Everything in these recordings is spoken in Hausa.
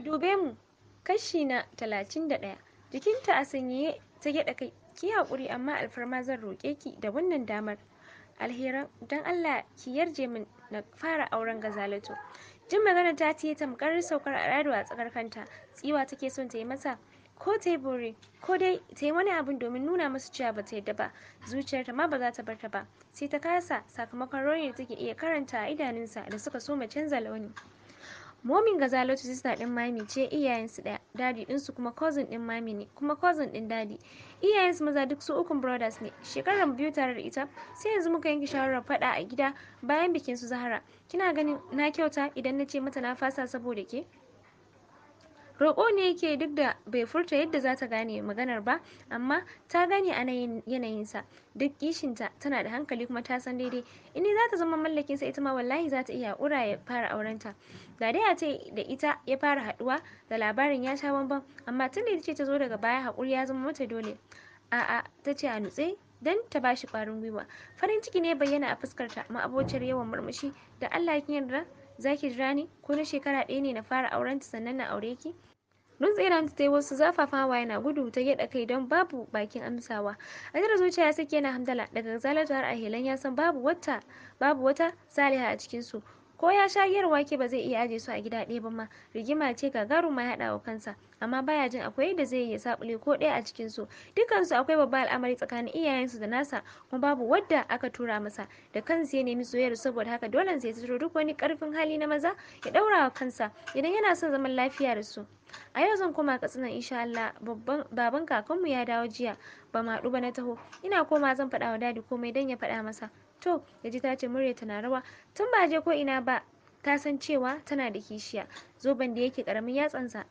Ku dube mu, kashi na talatin da ɗaya. Jikinta a sanyaye ta gyaɗa kai, ki haƙuri amma alfarma zan roƙe ki da wannan damar. Alheran, don Allah ki yarje min na fara auren gazalato. Jin magana ta ta tamkar saukar al'adu a tsakar kanta, tsiwa take son ta yi masa. ko ta yi bore ko dai ta yi wani abin domin nuna masu cewa ba ta yadda ba zuciyarta ma ba za ta bar ta ba sai ta kasa sakamakon rauni da take iya karanta a idanunsa da suka soma canza launi momin gazalatu sister din mami ce iyayensu daya dadi ɗinsu kuma cousin din mami ne kuma cousin din dadi iyayensu maza duk su ukun brothers ne shekarar biyu tare da ita sai yanzu muka yanke shawarar faɗa a gida bayan bikin su zahara kina ganin na kyauta idan na ce mata na fasa saboda ke roƙo ne yake duk da bai furta yadda za ta gane maganar ba amma ta gane a yanayinsa duk kishinta tana da hankali kuma ta san daidai in za ta zama mallakinsa ita ma wallahi za ta iya ƙura ya fara aurenta ga dai a ce da ita ya fara haɗuwa da labarin ya sha bambam amma tun da ita ce ta zo daga baya haƙuri ya zama mata dole a'a ta ce a nutse dan ta bashi ƙwarin gwiwa farin ciki ne bayyana a fuskarta ma'abociyar yawan murmushi da allah ya yarda zaki jira ni ko na shekara ɗaya ne na fara aurenta sannan na aure ki Runtse ta yi wasu zafafawa yana gudu ta gida kai don babu bakin amsawa. A jira zuciya ya sake yana hamdala daga zalatu har a helan ya san babu wata babu wata saliha a cikinsu. ko ya sha giyar wake ba zai iya aje su a gida ɗaya ba ma rigima ce gagaruma ya haɗa wa kansa amma baya jin akwai yadda zai ya sabule ko ɗaya a cikin su dukkan akwai babba al'amari tsakanin iyayensu da nasa kuma babu wadda aka tura masa da kansa ya nemi soyayyar saboda haka dole sai ya duk wani karfin hali na maza ya ɗaura wa kansa idan yana son zaman lafiya da su a yau zan koma katsina insha Allah baban kakanmu ya dawo jiya ba ma ba na taho ina koma zan faɗa wa dadi komai dan ya faɗa masa To, ya ji ta ce murya tana rawa. Tun ba je ko ina ba, ta san cewa tana da kishiya. Zoben da yake ƙaramin yatsansa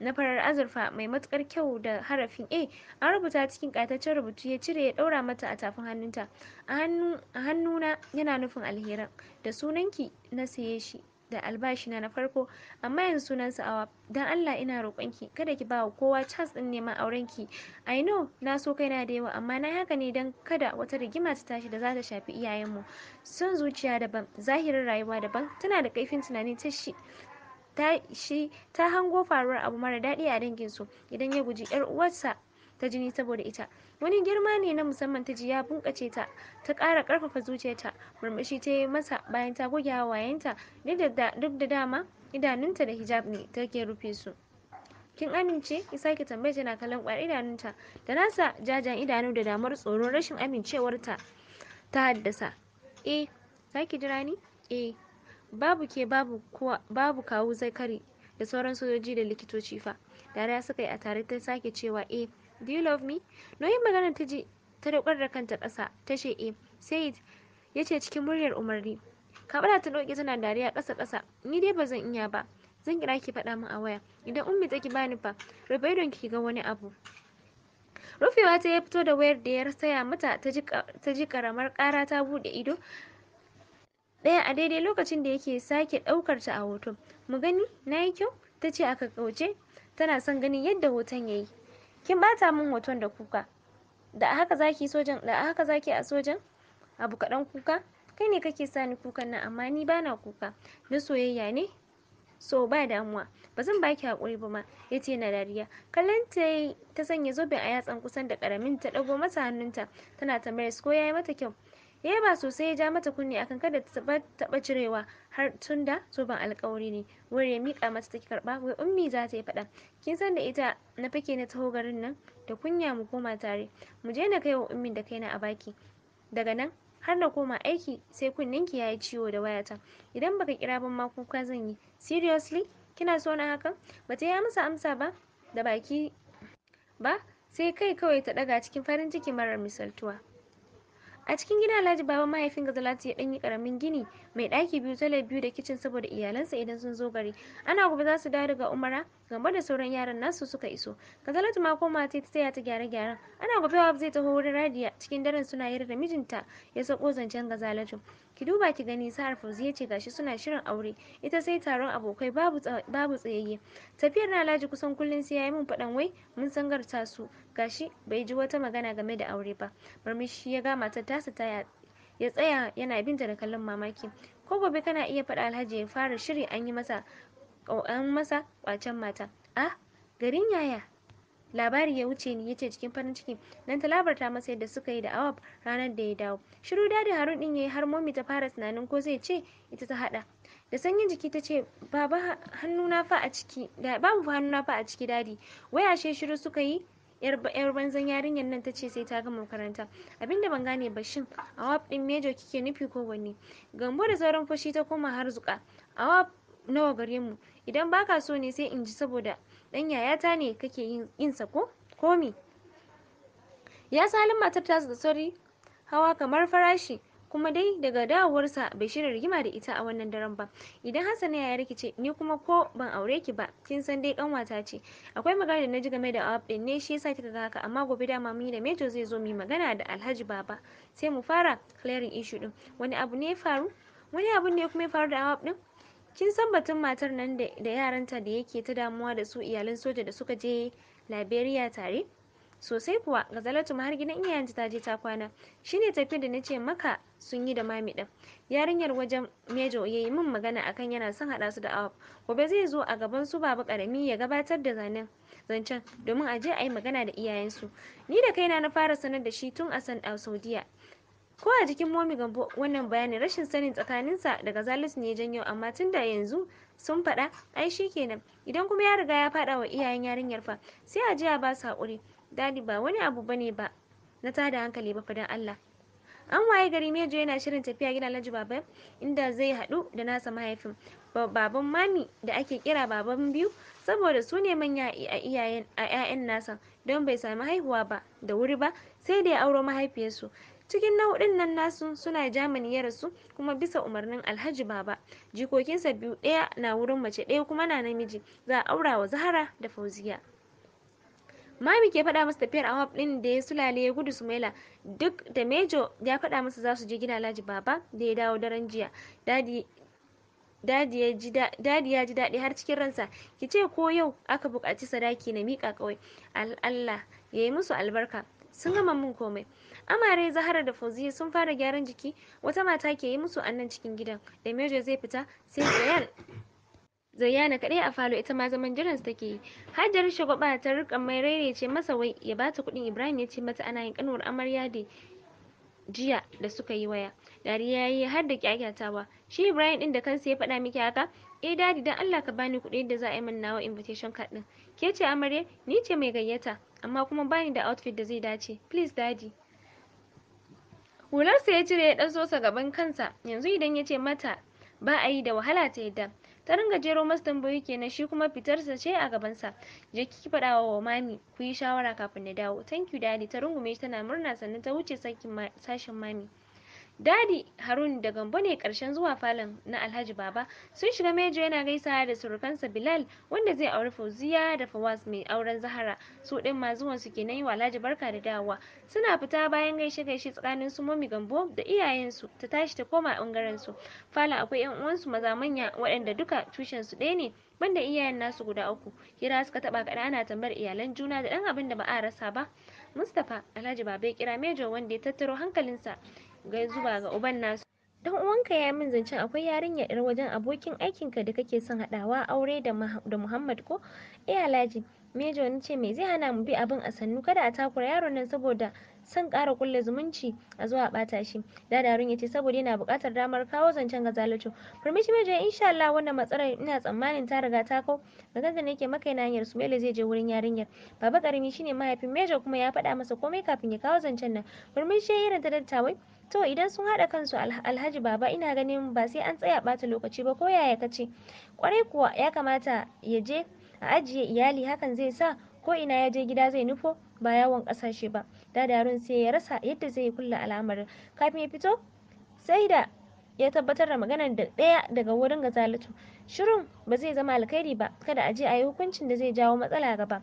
na farar azurfa mai matukar kyau da harafin A an rubuta cikin ƙataccen rubutu ya cire ya ɗaura mata a tafin hannunta a hannuna yana nufin alheran da sunanki na saye shi da albashi na farko amma yanzu sunan sa'awa awa dan Allah ina roƙonki kada ki bawa kowa chance din neman aurenki I know na so kaina da yawa amma na haka ne dan kada wata rigima ta tashi da za ta shafi iyayenmu son zuciya daban zahirin rayuwa daban tana da kaifin tunani ta shi ta shi ta hango faruwar abu mara daɗi a danginsu idan ya guji 'yar uwarsa ta jini saboda ita wani girma ne na musamman ta ji ya bunkace ta ta ƙara ƙarfafa zuciyarta murmushi ta yi masa bayan ta goge hawayenta duk da dama idanunta da hijab ne take rufe su kin amince ya sake tambaye tana kallon kwar idanunta da nasa jajan idanu da damar tsoron rashin amincewarta ta haddasa e sake jira ni e babu ke babu kuwa babu kawu zakari da sauran sojoji da likitoci fa dariya suka yi a tare ta sake cewa e. do you love me no yin maganar ta ji ta daukar da kanta kasa ta ce eh sai ya ce cikin muryar umarni kaɓala ta dauke tana dariya kasa ƙasa ni dai ba zan iya ba zan kira ki faɗa min a waya idan ummi take bani fa rufe don ki ga wani abu rufewa ta ya fito da wayar da ya saya mata ta ji karamar ƙara ta buɗe ido ɗaya a daidai lokacin da yake sake ɗaukar ta a hoton mu gani na yi kyau ta ce a kauce tana son ganin yadda hoton ya yi kin bata min hoton da kuka da haka zaki sojan da a haka zaki a sojan abu kaɗan kuka kai ne kake sa ni kukan nan amma ni bana kuka na soyayya ne so ba damuwa ba zan baki haƙuri ba ma yace na dariya kallon ta ta sanya zoben a yatsan kusan da karamin ta ɗago masa hannunta tana tambayar ko yayi mata kyau ya eh, yaba sosai ya ja mata kunni akan kada ta taba cirewa har tunda zoben alkawari ne wuri ya mika mata take karba wai ummi za ta yi faɗa kin san da ita na fake na taho garin nan da kunya mu koma tare mu je na kai wa ummin da kaina a baki daga nan har na koma aiki sai kunnin ki yayi ciwo da wayata idan baka kira ban ma kuka zan yi seriously kina so na hakan bata yi masa amsa ba da baki ba sai kai kawai ta ɗaga cikin farin ciki marar misaltuwa a cikin gidan alhaji baba mahaifin gazalatu ya danyi karamin gini mai ɗaki biyu talar biyu da kicin saboda iyalansa idan sun zo gari ana gobe za su dawo daga umara game da sauran yaran nasu suka iso gazalatu ma koma ta taya ta gyare gyaren ana gobe wa zai taho wurin radiya cikin daren suna yar da mijinta ya sako zancen gazalatu ki duba ki gani sahar ya ce gashi suna shirin aure ita sai taron abokai babu tsayayye tafiyar na alhaji kusan kullum sai yayi min faɗan wai mun sangarta su gashi bai ji wata magana game da aure ba murmushi ya ga matar tasa ta ya tsaya yana binta da kallon mamaki ko gobe kana iya faɗa alhaji ya fara shiri an yi masa an masa kwacen mata ah garin yaya labari ya wuce ni yace cikin farin ciki nan ta labarta masa yadda suka yi da awab ranar da ya dawo shiru dadi harun din yayi har momi ta fara tunanin ko zai ce ita ta hada da sanyin jiki ta ce baba na fa a ciki da babu hannuna fa a ciki dadi waya she shiru suka yi yar banzan yarinyar nan ta ce sai ta gama makaranta abinda ban gane ba shin awab din mejo kike nufi ko wanne gambo da sauran fushi ta koma har zuka awab nawa gare mu idan baka so ne sai in ji saboda dan yayata ne kake yin sa ko komi? ya salin matar ta da sauri hawa kamar farashi kuma dai daga dawowarsa bai shirya rigima da ita a wannan daren ba idan hassan ya rikice ni kuma ko ban aure ki ba kin san dai kanwata ce akwai magana da naji game da awab din ne shi yasa kika ga haka amma gobe dama mun da mejo zai zo mu magana da alhaji baba sai mu fara clearing issue din wani abu ne ya faru wani abu ne kuma ya faru da awab din kin san batun matar nan da yaranta da yake ta damuwa da su iyalan soja da suka je liberia tare sosai kuwa gazalatu har gidan iyayenta ta je ta kwana shine tafiyar da na ce maka sun yi da mami din yarinyar wajen mejo ya yi min magana akan yana son haɗa su da awa gobe zai zo a gaban su babu karami ya gabatar da zanen zancen domin a je a yi magana da iyayensu ni da kaina na fara sanar da shi tun a san saudiya ko a jikin momi gambo wannan bayanin rashin sanin tsakaninsa daga zalisu ne janyo amma tun da yanzu sun faɗa ai shi kenan idan kuma ya riga ya faɗa wa iyayen yarinyar fa sai a je ba su haƙuri dadi ba wani abu bane ba na tada hankali ba fadan Allah an waye gari mejo yana shirin tafiya gidan alhaji baba inda zai haɗu da nasa mahaifin baban mami da ake kira baban biyu saboda su ne manya a iyayen a 'ya'yan nasa don bai sami haihuwa ba da wuri ba sai da ya auro mahaifiyarsu cikin nau'in nan nasu suna jamani ya rasu kuma bisa umarnin Alhaji Baba jikokinsa biyu ɗaya na wurin mace ɗaya kuma na namiji za a aura wa Zahara da Fauziya Mami ke faɗa masa tafiyar awab ɗin da ya sulale ya gudu Sumaila duk da Mejo ya faɗa masa za su je gina Alhaji Baba da ya dawo daren jiya. Dadi Dadi ya ji daɗi har cikin ransa, ki ce ko yau aka buƙaci sadaki na miƙa kawai, Allah ya yi musu albarka, sun gama min komai amare zahara da fauziya sun fara gyaran jiki wata mata ke yi musu annan cikin gidan da mejo zai fita sai zayan zayyana kaɗai a falo ita ma zaman jiran su take yi hajjar shagwaba ta rika mai raire ce masa wai ya bata kuɗin ibrahim ya ce mata ana yin kanuwar amarya da jiya da suka yi waya dariya ya yi har da kyakyatawa shi ibrahim din da kansa ya faɗa miki haka eh dadi dan Allah ka bani kuɗi da za a yi min nawa invitation card din ke ce amare ni ce mai gayyata amma kuma bani da outfit da zai dace please dadi hularsa ya cire ya dan sosa gaban kansa yanzu idan ya ce mata ba a yi da wahala ta yadda ta ringa jero masa tambayoyi kenan shi kuma fitar sa ce a gabansa je ki fada wa mami ku yi shawara kafin na dawo thank you dadi ta rungume shi tana murna sannan ta wuce sashin mami Dadi Harun da Gambo ne karshen zuwa falon na Alhaji Baba sun shiga mejo yana gaisa da surukansa Bilal wanda zai auri Fauziya da Fawaz mai auren Zahara su din ma zuwan su kenan yi wa Alhaji barka da dawowa suna fita bayan gaishe gaishe tsakanin su Mami Gambo da iyayensu ta tashi ta koma bangaren su falon akwai yan uwansu maza manya waɗanda duka tushen su ɗaya ne banda iyayen nasu guda uku kira suka taba kada ana tambayar iyalan juna da dan abin da ba a rasa ba Mustapha Alhaji Baba ya kira Mejo wanda ya tattaro hankalinsa gai zuba ga uban nasu dan uwanka ya min zancen akwai yarinya yar wajen abokin aikinka da kake son haɗawa aure da Muhammad ko eh Alhaji Mejo ni ce me zai hana mu bi abin a sannu kada a takura yaron nan saboda son ƙara kulle zumunci a zuwa ɓata shi dadarun ya ce saboda yana buƙatar damar kawo zancen ga zalunci permission Mejo insha Allah wannan matsalar ina tsammanin ta riga ta kau daga da ke maka yana hanyar Sumele zai je wurin yarinyar baba karami shine mahaifin Mejo kuma ya faɗa masa komai kafin ya kawo zancen nan permission irin ta dattawai to idan sun haɗa kansu alhaji baba ina ganin ba sai an tsaya bata lokaci ba ko yaya ka ce?» kwarai kuwa ya kamata ya je a ajiye iyali hakan zai sa ko ina ya je gida zai nufo ba yawon ƙasashe ba dadarun sai ya rasa yadda zai kulla al'amarin kafin ya fito sai da ya tabbatar da maganar da ɗaya daga wurin gazalatu shirin ba zai zama alkhairi ba kada a je a yi hukuncin da zai jawo matsala gaba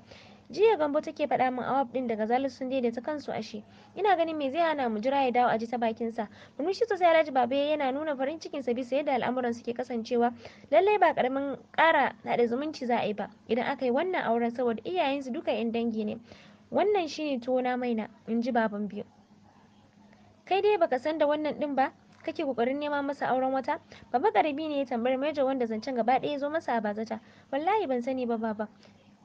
jiya gambo take faɗa min awab din daga zalis sun ta kansu ashe ina ganin me zai hana mu jira ya dawo a jita ta bakin sa murmushi sosai alhaji babe yana nuna farin cikin sa bisa yadda al'amuran suke kasancewa lallai ba karamin ƙara haɗa zumunci za a yi ba idan aka yi wannan auren saboda iyayensu duka 'yan dangi ne wannan shine na maina in ji baban biyu kai dai baka san da wannan din ba kake kokarin neman masa auren wata baba karami ne ya tambayar major wanda zancen gaba ɗaya ya zo masa a bazata wallahi ban sani ba baba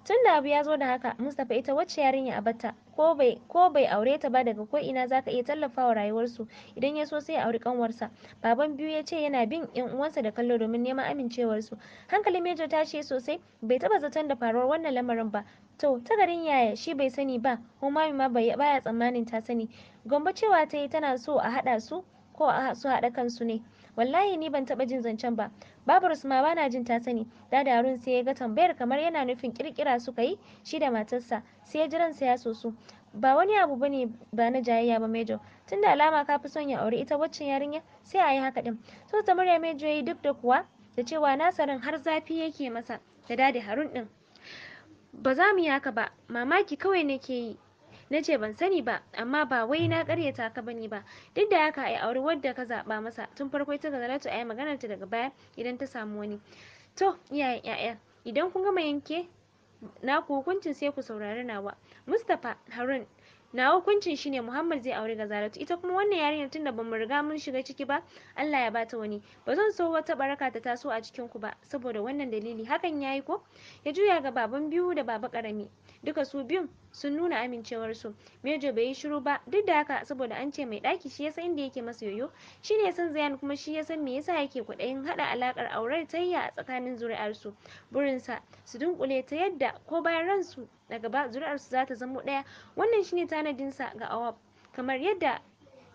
tun da abu ya zo da haka mustapha ita wacce yarinya a bata ko bai ko bai aure ta ba daga ko ina zaka iya tallafawa rayuwarsu idan ya so sai ya auri kanwarsa baban biyu ya ce yana bin yan uwansa da kallo domin neman amincewarsu hankalin major ta ce sosai bai taba zaton da faruwar wannan lamarin ba to ta garin yaya shi bai sani ba ko mami ma baya tsammanin ta sani gombe cewa ta yi tana so a hada su ko a su hada kansu ne wallahi ni ban taba jin zancen ba babu rusma ba na jin ta sani da darun sai ya ga tambayar kamar yana nufin kirkira suka yi shi da matarsa sai ya ji ransa ya soso ba wani abu bane ba na jayayya ba major tunda alama ka fi son ya aure ita waccan yarinya sai a yi haka din so ta murya major yi duk da kuwa da cewa nasarin har zafi yake masa da dadi harun din ba za mu yi haka ba mamaki kawai nake yi na ce ban sani ba amma ba wai na karyata ka bane ba duk da haka ai auri wadda ka zaba masa tun farko ita Zalatu ai maganar ta daga baya idan ta samu wani to iyayen ya'ya idan kun gama yanke na ku hukuncin sai ku saurari nawa Mustapha Harun na hukuncin shine Muhammad zai aure zaratu ita kuma wannan yarinyar tunda bamu riga mun shiga ciki ba Allah ya bata wani ba zan so wata baraka ta taso a cikin ku ba saboda wannan dalili hakan yayi ko ya juya ga baban biyu da baba karami duka su biyun sun nuna amincewar su mejo bai yi shiru ba duk da haka saboda an ce mai ɗaki shi yasa inda yake masa yoyo shi ne san zayan kuma shi yasan me yasa yake kwaɗayin haɗa aure aurar tayya a tsakanin zuri'ar zuri'arsu burinsa su dunkule ta yadda ko bayan ransu na gaba zuri'arsu za ta zamo ɗaya wannan shine tanadin sa ga awab kamar yadda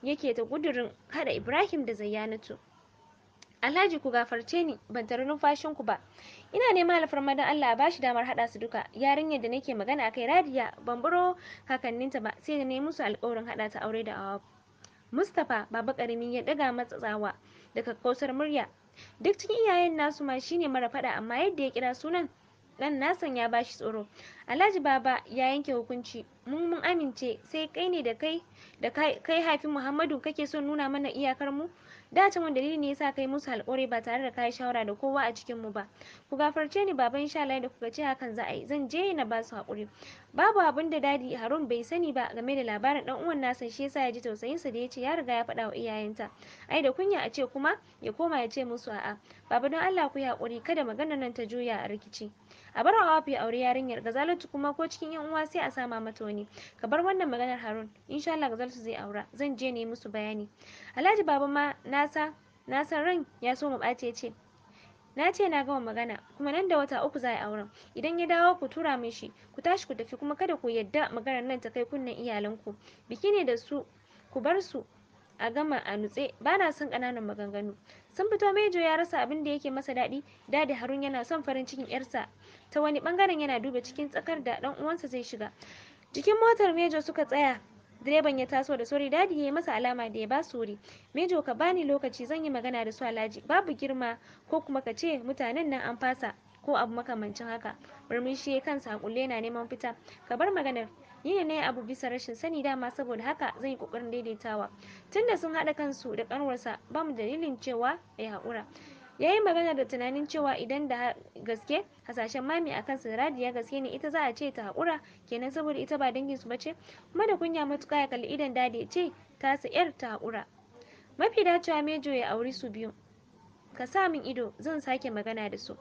yake ta gudurin haɗa ibrahim da zayyanatu Alhaji ku gafarce ni ban tare numfashin ku ba. Ina neman alfarma don Allah ba shi damar haɗa su duka. Yarinyar da nake magana akai Radiya ban buro kakanninta ba sai da nemi musu alƙawarin haɗa ta aure da awa ah, Mustapha baba karimi ya ɗaga matsatsawa daga kausar murya. Duk cikin iyayen nasu ma shine mara faɗa amma yadda ya kira sunan dan nasan ya bashi tsoro alhaji baba ya yanke hukunci mun mun amince sai kai ne da kai da kai hafi muhammadu kake son nuna mana iyakar mu da ta wani dalili ne yasa kai musu alƙore ba tare da kai shawara da kowa a cikin mu ba ku gafarce ni baba insha Allah da kuka ce hakan za a yi zan je na ba su haƙuri babu abin da dadi Harun bai sani ba game da labarin dan uwan nasa shi yasa ya ji tausayin sa da yace ya riga ya faɗa wa iyayenta ai da kunya a ce kuma ya koma ya ce musu a'a baba don Allah ku yi haƙuri kada maganar nan ta juya a rikici a bar hawa ya aure yarinyar ga gazalatu kuma ko cikin yan uwa sai a sama mata wani ka bar wannan maganar harun insha Allah gazalatu zai aura zan je ne musu bayani alhaji baba ma nasa nasan ran ya so mu ɓace ce na ce na gama magana kuma nan da wata uku za a auren idan ya dawo ku tura min shi ku tashi ku tafi kuma kada ku yadda maganar nan ta kai kunnen iyalanku biki ne da su ku bar su a gama a nutse bana son ƙananan maganganu sun fito mejo ya rasa abin da yake masa daɗi dadi harun yana son farin cikin yarsa ta wani bangaren yana duba cikin tsakar da dan uwansa zai shiga jikin motar mejo suka tsaya direban ya taso da sauri dadi ya yi masa alama da ya ba su mejo ka bani lokaci zan yi magana da su alhaji babu girma ko kuma ka ce mutanen nan an fasa ko abu makamancin haka murmushi ya kansa kulle na neman fita ka bar maganar ni ne nayi abu bisa rashin sani dama saboda haka zan yi kokarin daidaitawa tunda sun haɗa kansu da kanwarsa bamu dalilin cewa ya haƙura ya yi magana da tunanin cewa idan da gaske hasashen mami a kansa radiya gaske ne ita za a ce ta haƙura kenan saboda ita ba dangin su bace kuma da kunya matuƙa ya kalli idan da ya ce ta sa yar ta haƙura mafi dacewa mejo ya auri su biyu ka sa min ido zan sake magana da su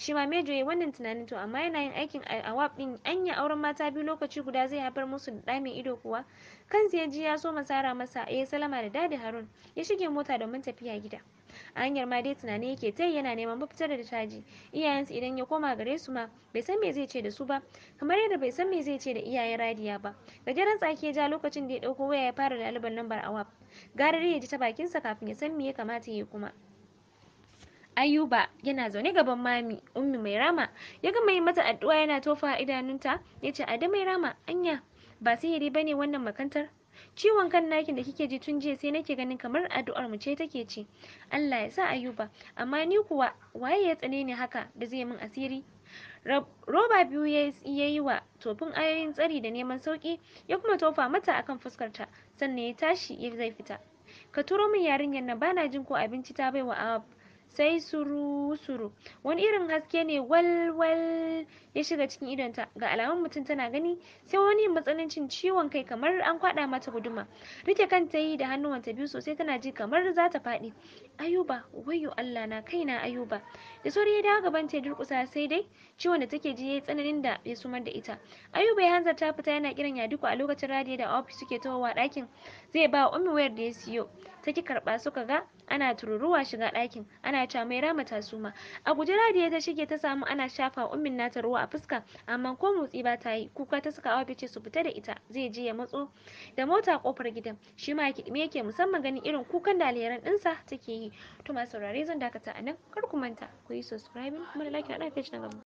shi ma mejo ya wannan tunanin to amma yana yin aikin awap din anya auren mata biyu lokaci guda zai haifar musu da mai ido kuwa kansa ya ji ya so masara masa ya salama da dadi harun ya shige mota domin tafiya gida a hanyar ma dai tunani yake ta yana neman mafitar da taji iyayensu idan ya koma gare su ma bai san me zai ce da su ba kamar yadda bai san me zai ce da iyayen radiya ba gajeren tsaki ya ja lokacin da ya dauko waya ya fara da alban lambar awab gara ya ji ta bakinsa kafin ya san me ya kamata ya yi kuma Ayuba yana zaune gaban mami Ummi mai rama ya gama yi mata addu'a yana tofa idanunta ya yace Ada mai rama anya ba sihiri bane wannan makantar ciwon kan nakin da kike ji tun jiya sai nake ganin kamar addu'ar mu ce take ci Allah ya sa Ayuba amma ni kuwa waye ya tsane ni haka da zai min asiri roba biyu ya yi wa tofin ayoyin tsari da neman sauki ya kuma tofa mata akan fuskarta sannan ya tashi ya zai fita ka turo min yarinyar nan bana jin ko abinci ta bai wa sai suru-suru wani irin haske ne walwal ya shiga cikin idonta ga alamun mutum tana gani sai wani matsanancin ciwon kai kamar an kwada mata guduma rike kanta yi da hannuwanta biyu sosai tana ji kamar za ta faɗi ayuba wayo allah na kaina ayuba da sauri ya dawo gaban ta durkusa sai dai ciwon da take ji yayi tsananin da ya sumar da ita ayuba ya hanzar ta fita yana kiran yaduku a lokacin radiyo da ofis suke wa ɗakin zai ba ummi wayar da ya siyo ta ki karɓa suka ga ana tururuwa shiga ɗakin ana cewa mai rama ta suma a guje ya ta shige ta samu ana shafa ummin nata ruwa a fuska amma ko motsi ba ta yi kuka ta saka awa ce su fita da ita zai je ya matso da mota kofar gidan shi ma me yake musamman ganin irin kukan da alheran ɗinsa take yi to masu saurare zan dakata a nan kar ku manta ku yi subscribing kuma da like da ɗan na gaba